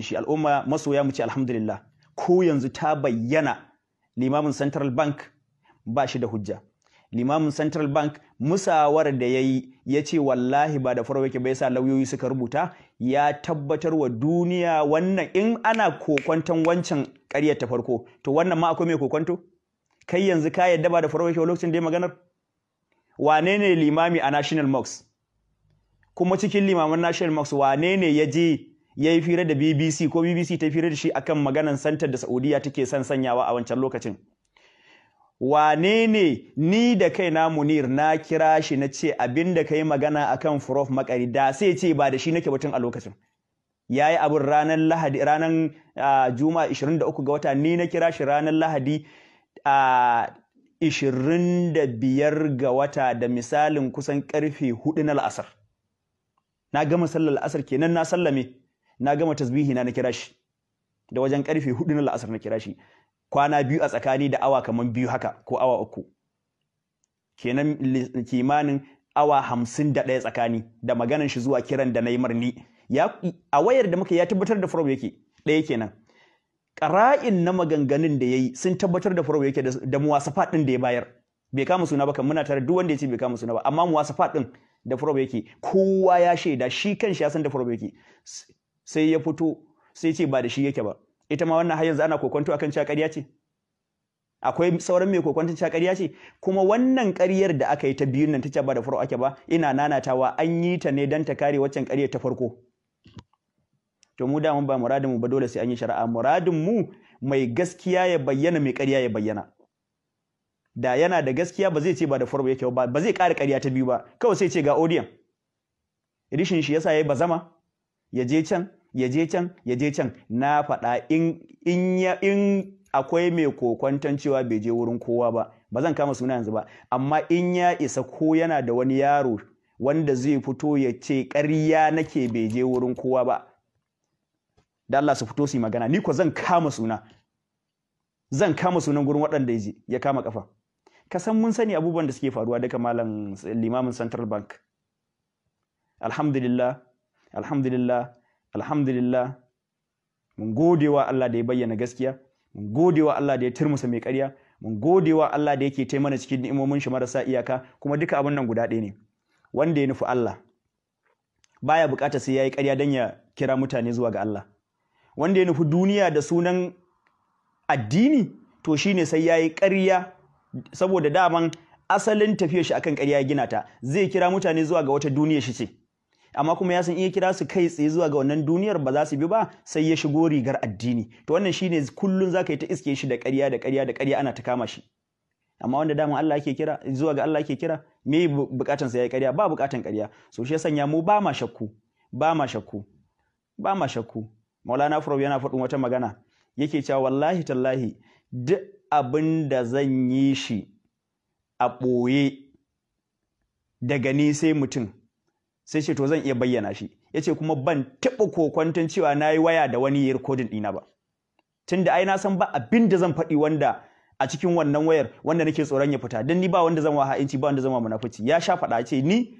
kafin shi al'umma masoya mu ce alhamdulillah ko yanzu ta bayyana limamin central bank ba shi da hujja limamin central bank musawar da ya yi ya ce wallahi ba da farko yake bai sa lauyoyi suka rubuta ya tabbatar wa duniya wannan in ana kokwanton wancan karyar ta farko to wannan ma akwai mai kokwanto kai yanzu ka yadda ba da farko yake lokacin da ya maganar wane ne limami a national mosque kuma cikin Limamin national mosque wane ne ya je ya yi fira da BBC ko BBC ta fira da shi akan maganan santar da Saudiya take son sanyawa a wancan lokacin. Wane ne ni da kaina Munir na kira shi na ce abin da ka yi magana akan Furof Makari da sai ce ba da shi nake batun a lokacin. Ya yi abin ranar Lahadi ranar Juma'a 23 ga wata ni na kira shi ranar Lahadi a 25 ga wata da misalin kusan karfe hudu na la'asar. Na gama sallar la'asar kenan na sallame. na gama tasbihi na na kira shi da wajen karfe hudu na la'asar na kira shi kwana biyu a tsakani da awa kamar biyu haka ko awa uku kenan kimanin awa hamsin da ɗaya tsakani da maganan shi zuwa kiran da na yi marni a wayar da muka ya tabbatar da farau yake ɗaya kenan ƙara'in na maganganun da ya yi sun tabbatar da farau yake da muwasafa ɗin da ya bayar bai kama suna ba kan muna tare duk wanda ya ce bai kama suna ba amma muwasafa ɗin da farau yake kowa ya shaida shi kan shi ya san da farau yake sai ya fito sai ce ba da shi yake ba ita ma wannan har yanzu ana kokonto akan cewa ƙarya ce akwai sauran mai kokonton cewa ƙarya ce kuma wannan ƙaryar da aka yi ta biyun nan ta ce ba da furo ake ba ina nanatawa an yi ta ne don ta kare waccan ƙarya ta farko to mu da mun ba muradin mu ba dole sai an yi shari'a muradin mu mai gaskiya ya bayyana mai ƙarya ya bayyana da yana da gaskiya ba zai ce ba da furo yake ba ba zai ƙara ƙarya ta biyu ba kawai sai ce ga odiyan rishin shi yasa ba zama? ya je can ya je can ya je can na faɗa in akwai mai kokwantancewa cewa bai je wurin kowa ba ba zan kama suna yanzu ba amma in ya isa ko yana da wani yaro wanda zai fito ya ce ƙarya nake bai je wurin kowa ba da Allah su fito su magana ni ko zan kama suna zan kama sunan gurin waɗanda ya ya kama kafa ka san mun sani abubuwan da suke faruwa daga malam limamin central bank alhamdulillah alhamdulillah alhamdulillah mun gode wa Allah da ya bayyana gaskiya mun gode wa Allah da ya turmusa mai ƙarya mun gode wa Allah da yake taimana cikin ni'imomin shi marasa iyaka kuma duka abin nan guda ɗaya ne wanda ya nufi Allah baya bukata sai yayi ƙarya dan ya kira mutane zuwa ga Allah wanda ya nufi duniya da sunan addini to shine sai yayi ƙarya saboda daman asalin tafiyar shi akan ƙarya ya gina ta zai kira mutane zuwa ga wata duniya shi ce amma kuma ya san iya kira su kai tsaye zuwa ga wannan duniyar ba za su bi ba sai ya shigo rigar addini to wannan shine kullun zaka yi ta iske shi da ƙarya da ƙarya da ƙarya ana ta kama shi amma wanda dama Allah yake kira zuwa ga Allah yake kira me bukatun sa yayi ƙarya ba bukatun ƙarya so shi ya sanya mu ba ma shakku ba ma shakku ba ma shakku Maulana Furab yana faɗin wata magana yake cewa wallahi tallahi duk abin da zan yi shi a ɓoye daga ni sai mutum sai ce to zan iya bayyana shi Ya ce kuma ban taɓa kokwanton cewa na yi waya da wani yayi recording ɗina ba tunda ai na san ba abin da zan faɗi wanda a cikin wannan wayar wanda nake tsoron ya fita Don ni ba wanda zan wa ha'inci ba wanda zan wa munafici ya sha faɗa ce ni